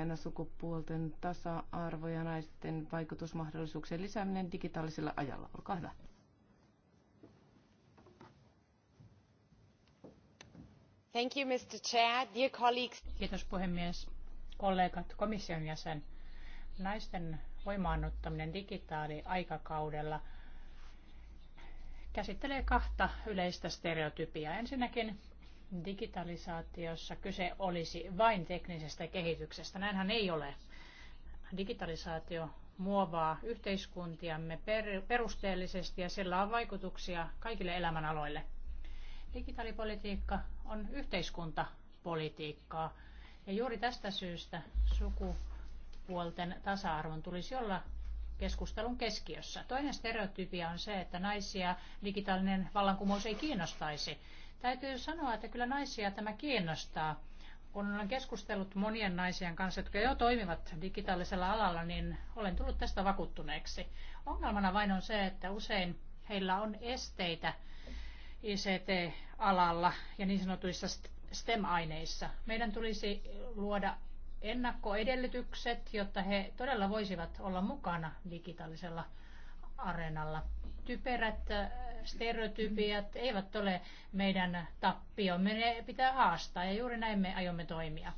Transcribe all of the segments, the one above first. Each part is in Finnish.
aiheena sukupuolten tasa-arvo ja naisten vaikutusmahdollisuuksien lisääminen digitaalisella ajalla. Olkaa hyvä. Thank you, Mr. Chair. Dear colleagues. Kiitos puhemies, kollegat, komission jäsen. Naisten voimaannuttaminen digitaaliaikakaudella käsittelee kahta yleistä stereotypiaa. Ensinnäkin digitalisaatiossa kyse olisi vain teknisestä kehityksestä. Näinhän ei ole. Digitalisaatio muovaa yhteiskuntiamme perusteellisesti ja sillä on vaikutuksia kaikille elämänaloille. Digitaalipolitiikka on yhteiskuntapolitiikkaa ja juuri tästä syystä sukupuolten tasa-arvon tulisi olla keskustelun keskiössä. Toinen stereotypia on se, että naisia digitaalinen vallankumous ei kiinnostaisi. Täytyy sanoa, että kyllä naisia tämä kiinnostaa. Kun olen keskustellut monien naisien kanssa, jotka jo toimivat digitaalisella alalla, niin olen tullut tästä vakuuttuneeksi. Ongelmana vain on se, että usein heillä on esteitä ICT-alalla ja niin sanotuissa STEM-aineissa. Meidän tulisi luoda ennakkoedellytykset, jotta he todella voisivat olla mukana digitaalisella areenalla. Typerät äh, stereotypiat eivät ole meidän Me ne pitää haastaa ja juuri näin me aiomme toimia.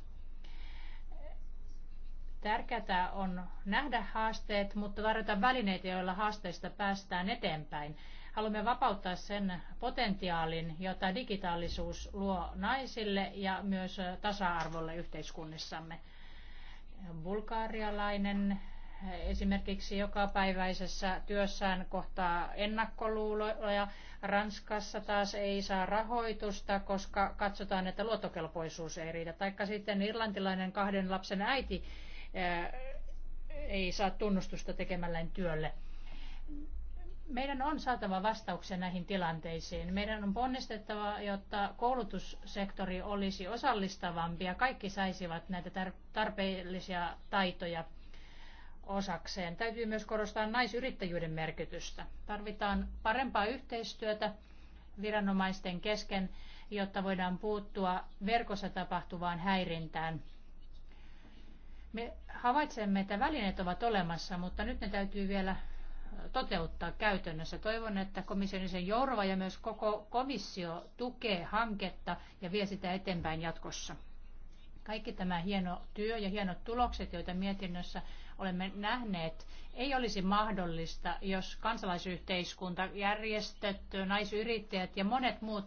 Tärkeää on nähdä haasteet, mutta tarjota välineitä, joilla haasteista päästään eteenpäin. Haluamme vapauttaa sen potentiaalin, jota digitaalisuus luo naisille ja myös tasa-arvolle yhteiskunnissamme. Bulgaarialainen esimerkiksi jokapäiväisessä työssään kohtaa ennakkoluuloja. Ranskassa taas ei saa rahoitusta, koska katsotaan, että luottokelpoisuus ei riitä. Taikka sitten irlantilainen kahden lapsen äiti eh, ei saa tunnustusta tekemällään työlle. Meidän on saatava vastauksia näihin tilanteisiin. Meidän on ponnistettava, jotta koulutussektori olisi osallistavampi ja kaikki saisivat näitä tarpeellisia taitoja osakseen. Täytyy myös korostaa naisyrittäjyyden merkitystä. Tarvitaan parempaa yhteistyötä viranomaisten kesken, jotta voidaan puuttua verkossa tapahtuvaan häirintään. Me havaitsemme, että välineet ovat olemassa, mutta nyt ne täytyy vielä toteuttaa käytännössä. Toivon, että komission sen ja myös koko komissio tukee hanketta ja vie sitä eteenpäin jatkossa. Kaikki tämä hieno työ ja hienot tulokset, joita mietinnössä olemme nähneet, ei olisi mahdollista, jos kansalaisyhteiskunta, järjestöt, naisyrittäjät ja monet muut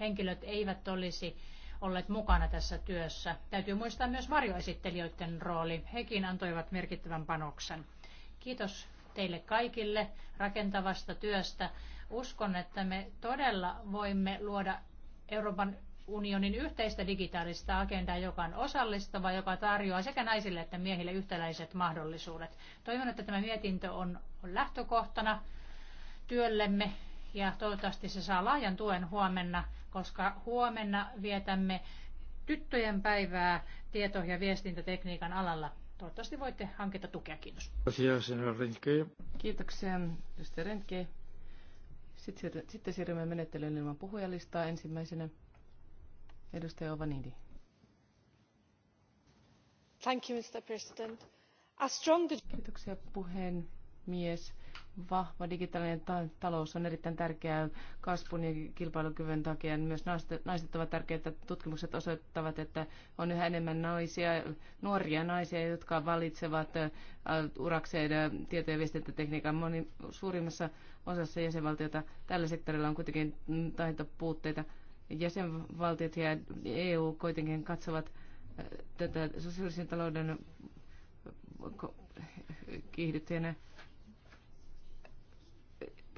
henkilöt eivät olisi olleet mukana tässä työssä. Täytyy muistaa myös varjoesittelijöiden rooli. Hekin antoivat merkittävän panoksen. Kiitos teille kaikille rakentavasta työstä. Uskon, että me todella voimme luoda Euroopan unionin yhteistä digitaalista agendaa, joka on osallistava, joka tarjoaa sekä naisille että miehille yhtäläiset mahdollisuudet. Toivon, että tämä mietintö on lähtökohtana työllemme ja toivottavasti se saa laajan tuen huomenna, koska huomenna vietämme tyttöjen päivää tieto- ja viestintätekniikan alalla. Toivottavasti voitte hankita tukea. Kiitos. Kiitoksia, Rentke. Sitten siirrymme menettelyyn ilman puhujalistaa ensimmäisenä. Edustaja Thank you, Mr. President. A strong... Kiitoksia puhemies. Vahva digitaalinen ta- talous on erittäin tärkeää kasvun ja kilpailukyvyn takia. Myös naiset, naiset ovat tärkeitä. Tutkimukset osoittavat, että on yhä enemmän naisia, nuoria naisia, jotka valitsevat urakseen tieto- ja viestintätekniikan moni, suurimmassa osassa jäsenvaltiota. Tällä sektorilla on kuitenkin mm, taitopuutteita. puutteita jäsenvaltiot ja EU kuitenkin katsovat äh, tätä sosiaalisen talouden äh, kiihdyttäjänä.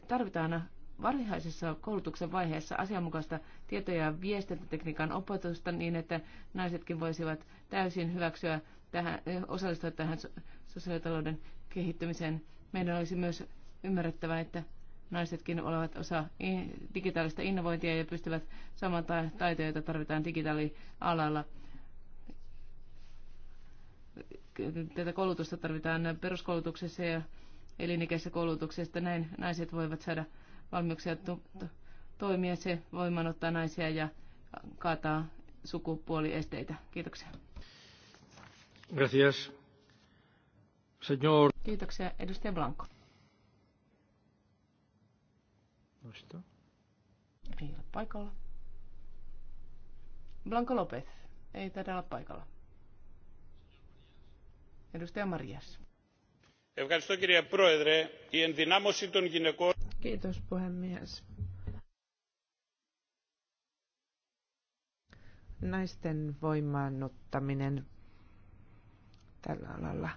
Tarvitaan varhaisessa koulutuksen vaiheessa asianmukaista tieto- ja viestintätekniikan opetusta niin, että naisetkin voisivat täysin hyväksyä tähän, äh, osallistua tähän sosiaalitalouden kehittymiseen. Meidän olisi myös ymmärrettävä, että naisetkin ovat osa digitaalista innovointia ja pystyvät saman taitoja, joita tarvitaan digitaalialalla. Tätä koulutusta tarvitaan peruskoulutuksessa ja elinikäisessä koulutuksessa. Näin naiset voivat saada valmiuksia to- to- toimia. Se ottaa naisia ja kaataa sukupuoliesteitä. Kiitoksia. Gracias. Señor. Kiitoksia. Edustaja Blanco. Osta. Ei ole paikalla. Blanco Lopez. Ei taida olla paikalla. Edustaja Marias. Kiitos puhemies. Naisten voimaannuttaminen tällä alalla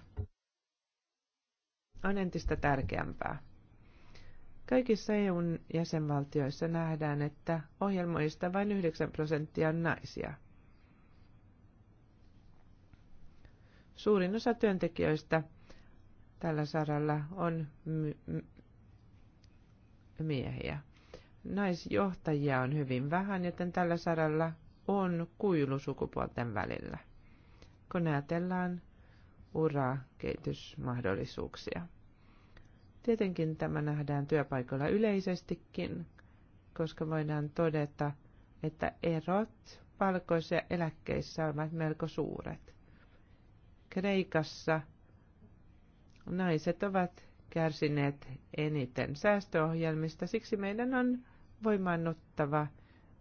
on entistä tärkeämpää. Kaikissa EUn jäsenvaltioissa nähdään, että ohjelmoista vain 9 prosenttia on naisia. Suurin osa työntekijöistä tällä saralla on miehiä. Naisjohtajia on hyvin vähän, joten tällä saralla on kuilu sukupuolten välillä, kun ajatellaan urakehitysmahdollisuuksia. kehitysmahdollisuuksia. Tietenkin tämä nähdään työpaikoilla yleisestikin, koska voidaan todeta, että erot palkoissa ja eläkkeissä ovat melko suuret. Kreikassa naiset ovat kärsineet eniten säästöohjelmista, siksi meidän on voimaannuttava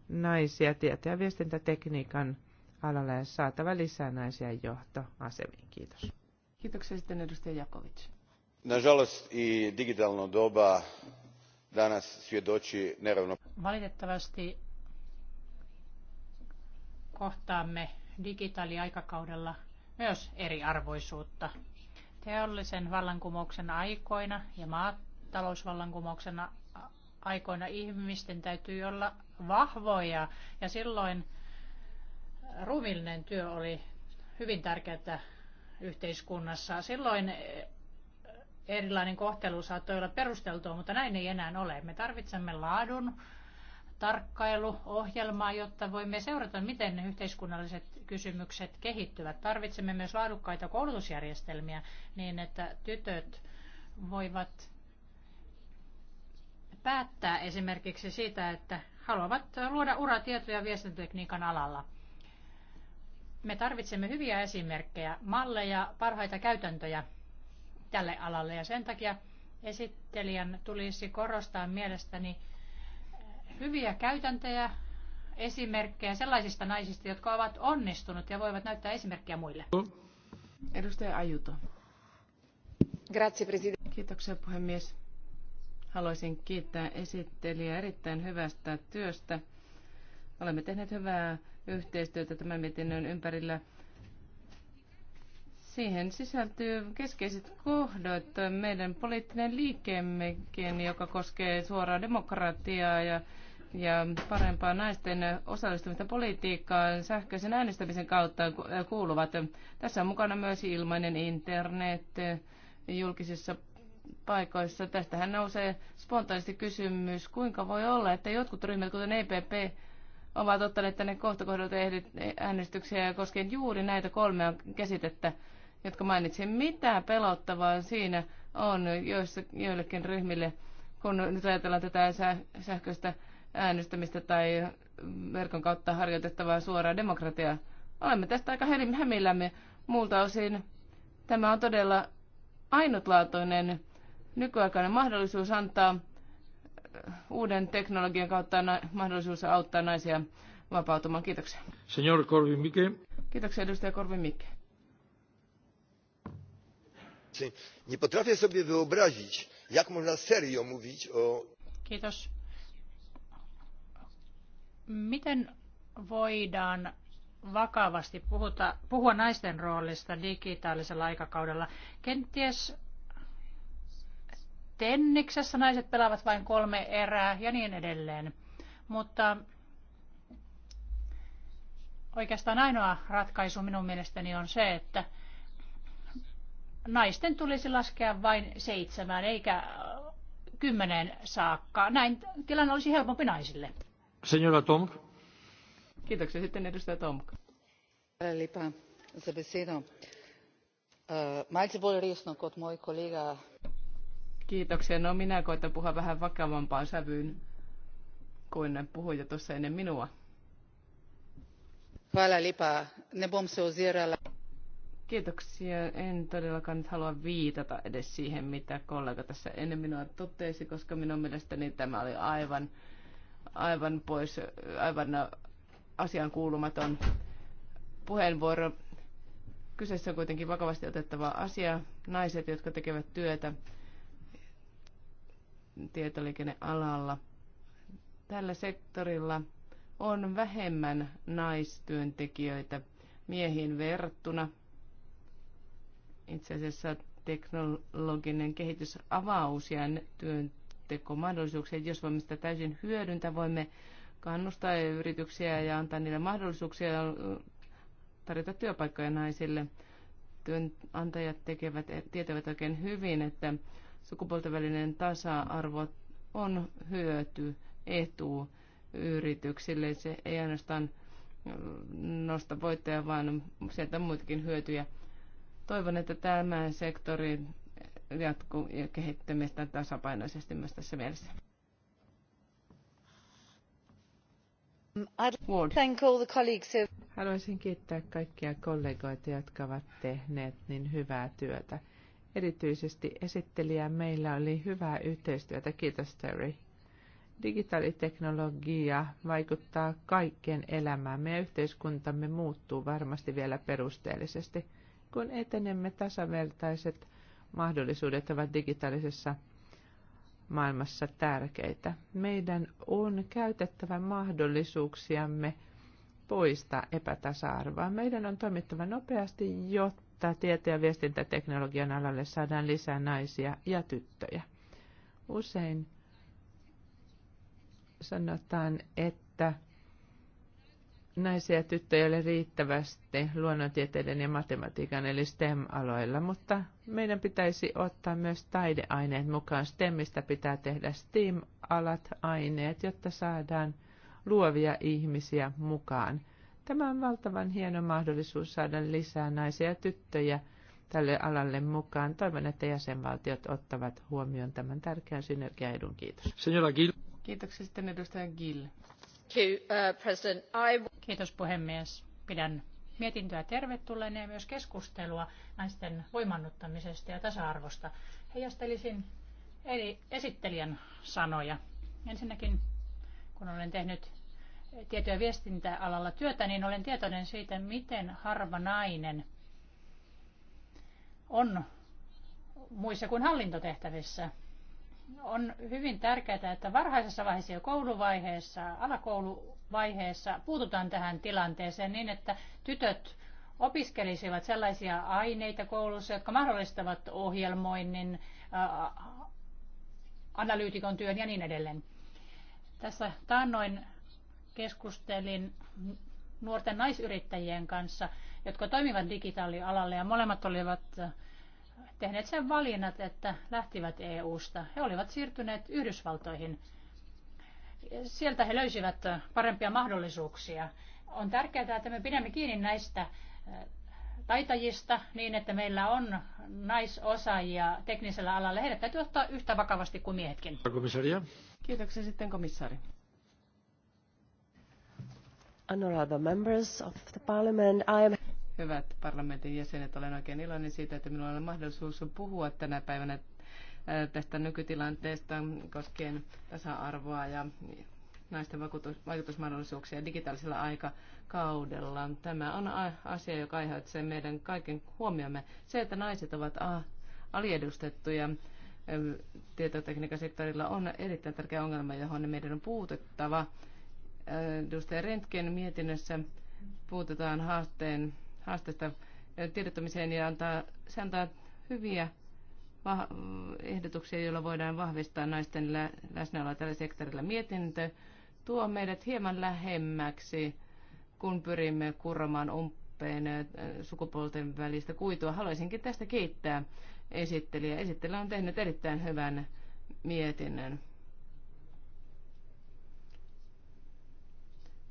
naisia tieto- ja viestintätekniikan alalla ja saatava lisää naisia johtoasemiin. Kiitos. Kiitoksia sitten edustaja Jakovic nažalost i digitalno doba danas svjedoči valitettavasti kohtaamme digitaaliaikakaudella myös eriarvoisuutta. Teollisen vallankumouksen aikoina ja maatalousvallankumouksen aikoina ihmisten täytyy olla vahvoja ja silloin ruumiillinen työ oli hyvin tärkeää yhteiskunnassa. Silloin erilainen kohtelu saattoi olla perusteltua, mutta näin ei enää ole. Me tarvitsemme laadun tarkkailuohjelmaa, jotta voimme seurata, miten ne yhteiskunnalliset kysymykset kehittyvät. Tarvitsemme myös laadukkaita koulutusjärjestelmiä niin, että tytöt voivat päättää esimerkiksi siitä, että haluavat luoda uratietoja ja viestintätekniikan alalla. Me tarvitsemme hyviä esimerkkejä, malleja, parhaita käytäntöjä tälle alalle ja sen takia esittelijän tulisi korostaa mielestäni hyviä käytäntöjä, esimerkkejä sellaisista naisista, jotka ovat onnistunut ja voivat näyttää esimerkkejä muille. Edustaja Ajuto. Grazie, president. Kiitoksia puhemies. Haluaisin kiittää esittelijää erittäin hyvästä työstä. Olemme tehneet hyvää yhteistyötä tämän mietinnön ympärillä Siihen sisältyy keskeiset kohdat. Meidän poliittinen liikemmekin, joka koskee suoraa demokratiaa ja, ja parempaa naisten osallistumista politiikkaan sähköisen äänestämisen kautta kuuluvat. Tässä on mukana myös ilmainen internet julkisissa paikoissa. Tästähän nousee spontaanisti kysymys, kuinka voi olla, että jotkut ryhmät, kuten EPP, ovat ottaneet tänne kohtakohdalta äänestyksiä koskien juuri näitä kolmea käsitettä jotka mainitsin. Mitä pelottavaa siinä on joissa, joillekin ryhmille, kun nyt ajatellaan tätä sähköistä äänestämistä tai verkon kautta harjoitettavaa suoraa demokratiaa? Olemme tästä aika hämillämme muulta osin. Tämä on todella ainutlaatuinen nykyaikainen mahdollisuus antaa äh, uuden teknologian kautta mahdollisuus auttaa naisia vapautumaan. Kiitoksia. Senor Korvi Mikke. Kiitoksia edustaja Korvi Mikke nie potrafię sobie wyobrazić jak można serio mówić o. Miten voidaan vakavasti puhuta, puhua naisten roolista digitaalisella aikakaudella? Kenties tenniksessä naiset pelaavat vain kolme erää ja niin edelleen. Mutta oikeastaan ainoa ratkaisu minun mielestäni on se, että – naisten tulisi laskea vain seitsemään eikä äh, kymmeneen saakka. Näin tilanne olisi helpompi naisille. Senora Tom, Kiitoksia sitten edustaja Tom. Lipa, se besedo. Eh, malce bolj resno kot moj kolega. Kiitoksia. No minä koitan puhua vähän vakavampaan sävyyn kuin puhuja tuossa ennen minua. Hvala lipa. Ne bom se ozirala Kiitoksia. En todellakaan nyt halua viitata edes siihen, mitä kollega tässä ennen minua totesi, koska minun mielestäni tämä oli aivan, aivan pois, aivan äh, asian kuulumaton puheenvuoro. Kyseessä on kuitenkin vakavasti otettava asia. Naiset, jotka tekevät työtä tietoliikennealalla. Tällä sektorilla on vähemmän naistyöntekijöitä miehiin verrattuna – itse asiassa teknologinen avaa uusia työntekomahdollisuuksia. Jos voimme sitä täysin hyödyntää, voimme kannustaa yrityksiä ja antaa niille mahdollisuuksia tarjota työpaikkoja naisille. Työnantajat tekevät, e-, tietävät oikein hyvin, että sukupuolten välinen tasa-arvo on hyöty, etu yrityksille. Se ei ainoastaan nosta voittoja, vaan sieltä on muitakin hyötyjä – Toivon, että tämä sektori jatkuu ja kehittymistä tasapainoisesti myös tässä mielessä. Haluaisin kiittää kaikkia kollegoita, jotka ovat tehneet niin hyvää työtä. Erityisesti esittelijä meillä oli hyvää yhteistyötä. Kiitos Terry. Digitaaliteknologia vaikuttaa kaikkien elämään. Meidän yhteiskuntamme muuttuu varmasti vielä perusteellisesti – kun etenemme tasavertaiset mahdollisuudet ovat digitaalisessa maailmassa tärkeitä. Meidän on käytettävä mahdollisuuksiamme poistaa epätasa-arvoa. Meidän on toimittava nopeasti, jotta tieto- ja viestintäteknologian alalle saadaan lisää naisia ja tyttöjä. Usein sanotaan, että naisia ja tyttöjä ole riittävästi luonnontieteiden ja matematiikan eli STEM-aloilla, mutta meidän pitäisi ottaa myös taideaineet mukaan. STEMistä pitää tehdä STEAM-alat aineet, jotta saadaan luovia ihmisiä mukaan. Tämä on valtavan hieno mahdollisuus saada lisää naisia ja tyttöjä tälle alalle mukaan. Toivon, että jäsenvaltiot ottavat huomioon tämän tärkeän synergiaedun. Kiitos. Kiitoksia sitten edustaja Gill. Uh, Kiitos puhemies. Pidän mietintöä tervetulleena ja myös keskustelua naisten voimannuttamisesta ja tasa-arvosta. Heijastelisin eri esittelijän sanoja. Ensinnäkin, kun olen tehnyt tieto- ja viestintäalalla työtä, niin olen tietoinen siitä, miten harva nainen on muissa kuin hallintotehtävissä – on hyvin tärkeää, että varhaisessa vaiheessa jo kouluvaiheessa, alakouluvaiheessa puututaan tähän tilanteeseen niin, että tytöt opiskelisivat sellaisia aineita koulussa, jotka mahdollistavat ohjelmoinnin, äh, analyytikon työn ja niin edelleen. Tässä taannoin keskustelin nuorten naisyrittäjien kanssa, jotka toimivat digitaalialalla ja molemmat olivat tehneet sen valinnat, että lähtivät EU-sta. He olivat siirtyneet Yhdysvaltoihin. Sieltä he löysivät parempia mahdollisuuksia. On tärkeää, että me pidämme kiinni näistä äh, taitajista niin, että meillä on naisosaajia teknisellä alalla. Heidät täytyy ottaa yhtä vakavasti kuin miehetkin. Komissaria. Kiitoksia sitten komissaari. Honorable members of the parliament, I am... Hyvät parlamentin jäsenet, olen oikein iloinen siitä, että minulla on mahdollisuus puhua tänä päivänä äh, tästä nykytilanteesta koskien tasa-arvoa ja naisten vaikutusmahdollisuuksia digitaalisella aikakaudella. Tämä on asia, joka aiheuttaa meidän kaiken huomiomme. Se, että naiset ovat aliedustettuja äh, tietotekniikan sektorilla on erittäin tärkeä ongelma, johon meidän on puutettava. Äh, edustaja Rentgen mietinnössä puututaan haasteen haasteista tiedottamiseen ja antaa, se antaa hyviä ehdotuksia, joilla voidaan vahvistaa naisten lä- läsnäoloa tällä sektorilla. Mietintö tuo meidät hieman lähemmäksi, kun pyrimme kuromaan umpeen sukupuolten välistä kuitua. Haluaisinkin tästä kiittää esittelijä. Esittelijä on tehnyt erittäin hyvän mietinnön.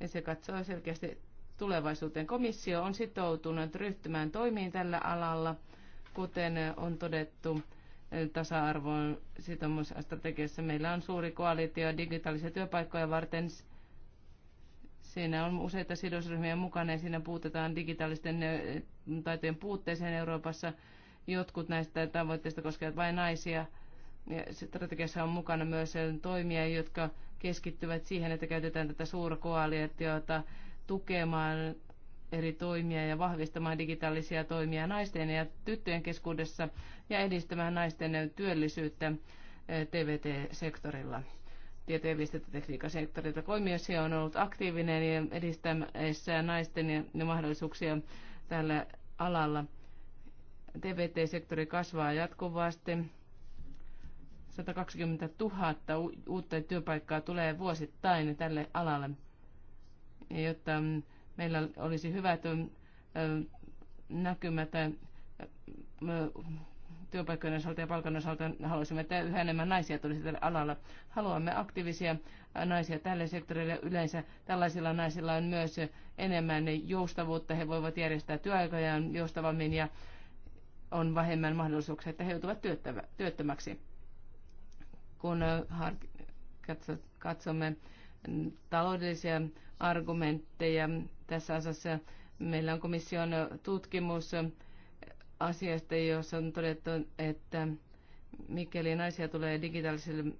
Ja se katsoo selkeästi tulevaisuuteen. Komissio on sitoutunut ryhtymään toimiin tällä alalla, kuten on todettu tasa-arvon sitoumusstrategiassa. Meillä on suuri koalitio digitaalisia työpaikkoja varten. Siinä on useita sidosryhmiä mukana ja siinä puutetaan digitaalisten eh, taitojen puutteeseen Euroopassa. Jotkut näistä tavoitteista koskevat vain naisia. ja Strategiassa on mukana myös eh, toimia, jotka keskittyvät siihen, että käytetään tätä suurkoalitiota tukemaan eri toimia ja vahvistamaan digitaalisia toimia naisten ja tyttöjen keskuudessa ja edistämään naisten työllisyyttä eh, TVT-sektorilla. Tieto- ja viestintätekniikan sektorilta. Komissio on ollut aktiivinen ja edistämässä naisten ja mahdollisuuksia tällä alalla. TVT-sektori kasvaa jatkuvasti. 120 000 uutta työpaikkaa tulee vuosittain tälle alalle jotta meillä olisi hyvät näkymät työpaikkojen osalta ja palkan osalta haluaisimme, että yhä enemmän naisia tulisi tälle alalla. Haluamme aktiivisia naisia tälle sektorille yleensä. Tällaisilla naisilla on myös enemmän joustavuutta. He voivat järjestää työaikojaan joustavammin ja on vähemmän mahdollisuuksia, että he joutuvat työttömäksi. Kun katsomme taloudellisia argumentteja tässä asiassa. Meillä on komission tutkimus asiasta, jossa on todettu, että mikäli naisia tulee digitaalisille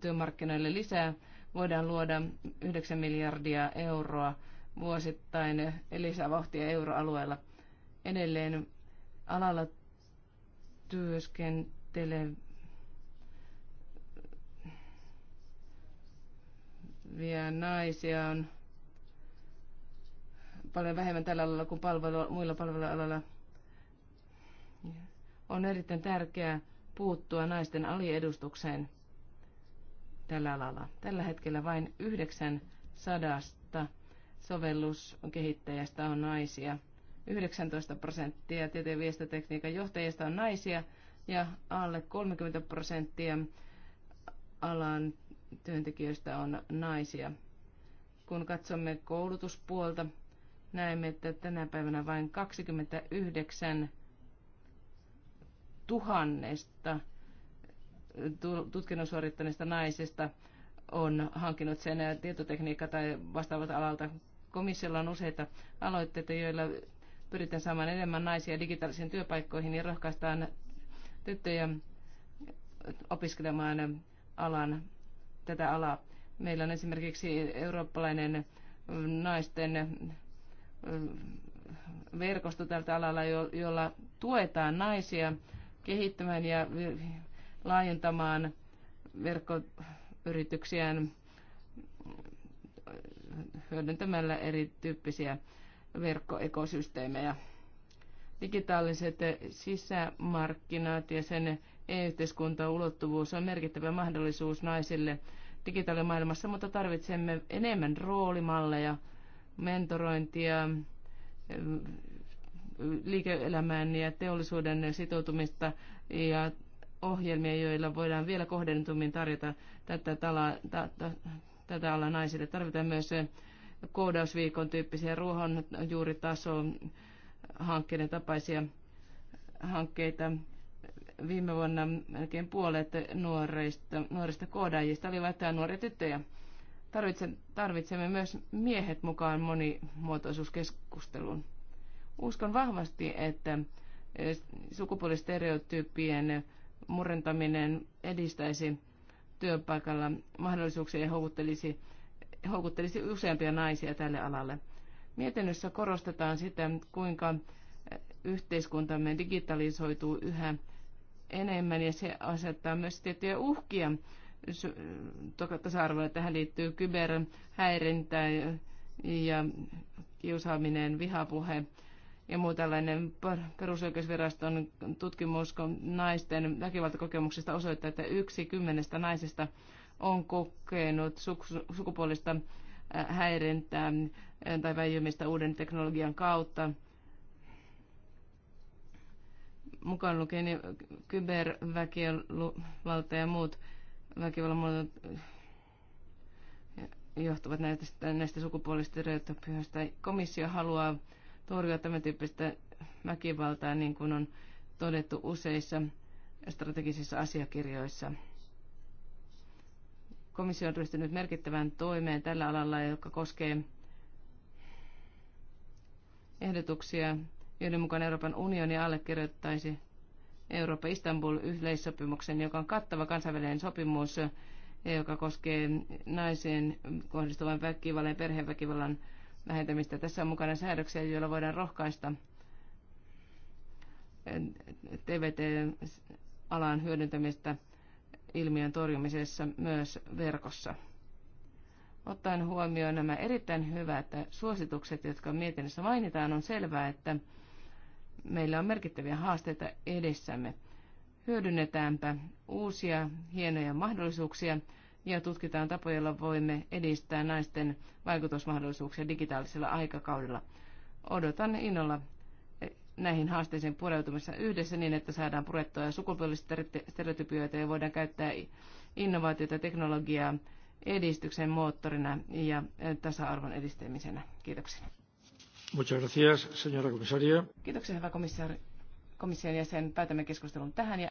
työmarkkinoille lisää, voidaan luoda 9 miljardia euroa vuosittain lisävauhtia euroalueella. Edelleen alalla työskentelee Vie naisia on paljon vähemmän tällä alalla kuin palvelu, muilla palvelualoilla. On erittäin tärkeää puuttua naisten aliedustukseen tällä alalla. Tällä hetkellä vain 900 sovelluskehittäjästä on naisia. 19 prosenttia tieteen viestotekniikan johtajista on naisia ja alle 30 prosenttia alan työntekijöistä on naisia. Kun katsomme koulutuspuolta, näemme, että tänä päivänä vain 29 tuhannesta tutkinnon suorittaneista naisista on hankinut sen tietotekniikka- tai vastaavalta alalta. Komissiolla on useita aloitteita, joilla pyritään saamaan enemmän naisia digitaalisiin työpaikkoihin ja rohkaistaan tyttöjä opiskelemaan alan tätä alaa. Meillä on esimerkiksi eurooppalainen naisten verkosto tältä alalla, jolla tuetaan naisia kehittämään ja laajentamaan verkkoyrityksiään hyödyntämällä erityyppisiä verkkoekosysteemejä. Digitaaliset sisämarkkinat ja sen e-yhteiskuntaulottuvuus on merkittävä mahdollisuus naisille – digitaalimaailmassa, mutta tarvitsemme enemmän roolimalleja, mentorointia, liike-elämään ja teollisuuden sitoutumista ja ohjelmia, joilla voidaan vielä kohdentummin tarjota tätä, tala, ta, ta, tätä alla naisille. Tarvitaan myös koodausviikon tyyppisiä ruohonjuuritason hankkeiden tapaisia hankkeita viime vuonna melkein puolet nuorista, nuorista koodaajista olivat nuoria tyttöjä. Tarvitsemme myös miehet mukaan monimuotoisuuskeskusteluun. Uskon vahvasti, että e, sukupuolistereotyyppien murentaminen edistäisi työpaikalla mahdollisuuksia ja houkuttelisi, houkuttelisi useampia naisia tälle alalle. Mietinnössä korostetaan sitä, kuinka e, yhteiskuntamme digitalisoituu yhä enemmän ja se asettaa myös tiettyjä uhkia tasa arvoa Tähän liittyy kyberhäirintä ja kiusaaminen, vihapuhe ja muu tällainen perusoikeusviraston tutkimus naisten väkivaltakokemuksista osoittaa, että yksi kymmenestä naisesta on kokenut sukupuolista äh, häirintää äh, tai väijymistä uuden teknologian kautta mukaan lukien niin kyberväkivalta ja muut väkivallan muodot eh, johtuvat näistä, näistä sukupuolistereotypioista. Komissio haluaa torjua tämän tyyppistä väkivaltaa, niin kuin on todettu useissa strategisissa asiakirjoissa. Komissio on ryhtynyt merkittävään toimeen tällä alalla, joka koskee ehdotuksia joiden mukaan Euroopan unioni allekirjoittaisi Euroopan Istanbul-yleissopimuksen, joka on kattava kansainvälinen sopimus, joka koskee naiseen kohdistuvan väkivallan ja perheväkivallan vähentämistä. Tässä on mukana säädöksiä, joilla voidaan rohkaista TVT-alan hyödyntämistä ilmiön torjumisessa myös verkossa. Ottaen huomioon nämä erittäin hyvät suositukset, jotka mietinnössä mainitaan, on selvää, että meillä on merkittäviä haasteita edessämme. Hyödynnetäänpä uusia hienoja mahdollisuuksia ja tutkitaan tapoja, joilla voimme edistää naisten vaikutusmahdollisuuksia digitaalisella aikakaudella. Odotan innolla e, näihin haasteisiin pureutumissa yhdessä niin, että saadaan purettua ja stereotypioita ja voidaan käyttää innovaatiota ja teknologiaa edistyksen moottorina ja e, tasa-arvon edistämisenä. Kiitoksia. Muchas gracias, Kiitoksia, hyvä komissaari, komission jäsen. Päätämme keskustelun tähän. Ja